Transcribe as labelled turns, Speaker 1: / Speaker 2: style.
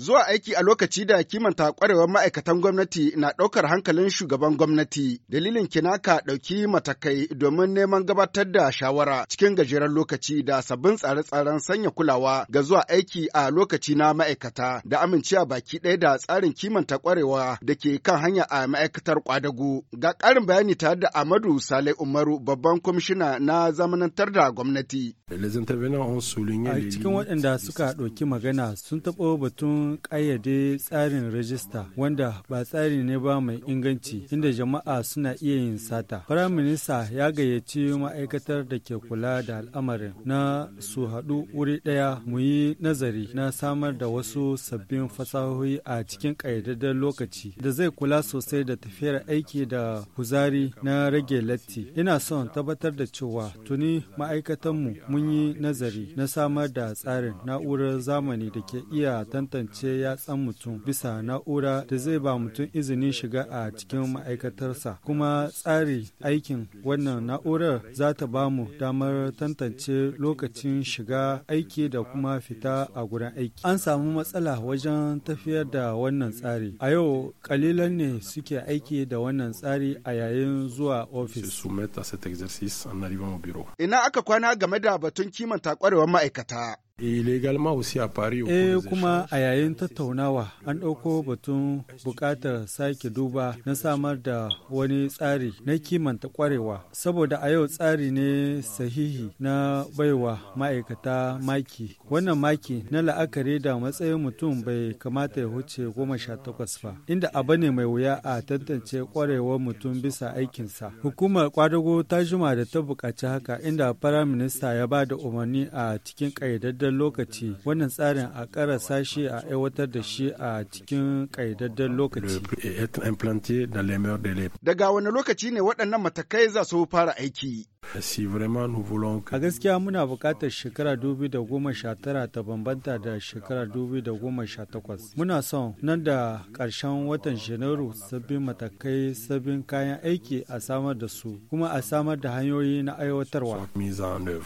Speaker 1: Zuwa aiki a lokaci da kimanta kwarewar ma'aikatan gwamnati na ɗaukar hankalin shugaban gwamnati, dalilin kinaka ɗauki matakai domin neman gabatar da shawara cikin gajeren lokaci da sabbin tsare-tsaren sanya kulawa ga zuwa aiki a lokaci na ma'aikata da amincewa baki ɗaya da tsarin kimanta kwarewa da ke kan hanya a ma'aikatar kwadago. Ga ƙarin bayani tare da Amadu Sale Umaru babban kwamishina na zamanantar da gwamnati. A cikin
Speaker 2: waɗanda suka ɗauki magana sun taɓa batun kayyade ƙayyade tsarin rajista wanda ba tsari ne ba mai inganci inda jama'a suna iya yin sata. Firaminista ya gayyaci ma'aikatar da ke kula da al'amarin na su haɗu wuri ɗaya mu yi nazari na samar da wasu sabbin fasahohi a cikin ƙayyadadden lokaci da zai kula sosai da tafiyar aiki da kuzari na rage latti. Ina son tabbatar da cewa tuni ma'aikatanmu mun yi nazari na samar da tsarin na'urar zamani da ke iya tantance ce tsan mutum bisa na'ura da zai ba mutum izinin shiga a cikin ma'aikatarsa kuma tsari aikin wannan na'urar za ta ba mu damar tantance lokacin shiga aiki da kuma fita a gurin aiki an samu matsala wajen tafiyar da wannan tsari a yau kalilan ne suke aiki da wannan tsari a yayin zuwa ofis
Speaker 1: ina aka kwana game da batun kimanta kwarewar ma'aikata Eh
Speaker 2: kuma a yayin tattaunawa an ɗauko batun buƙatar sake duba na samar da wani tsari na kimanta ƙwarewa saboda a yau tsari ne sahihi na baiwa ma'aikata maki. Wannan maki na la'akari da matsayin mutum bai kamata ya huce goma sha takwas ba, inda abu ne mai wuya a tantance ƙwarewar mutum bisa aikinsa. Hukumar kwadago ta juma da ta buƙaci haka inda Firaminista ya ba da umarni a cikin ƙayyadaddar ƙayyadadden lokaci wannan tsarin a ƙara sashi a aiwatar
Speaker 1: da shi a cikin ƙayyadadden lokaci. Daga wani lokaci ne waɗannan matakai za su fara aiki? A gaskiya
Speaker 2: muna buƙatar shekara tara ta bambanta da shekara takwas Muna son nan da ƙarshen watan Janairu sabbin matakai sabbin kayan aiki a samar da su kuma a samar da hanyoyi na aiwatarwa.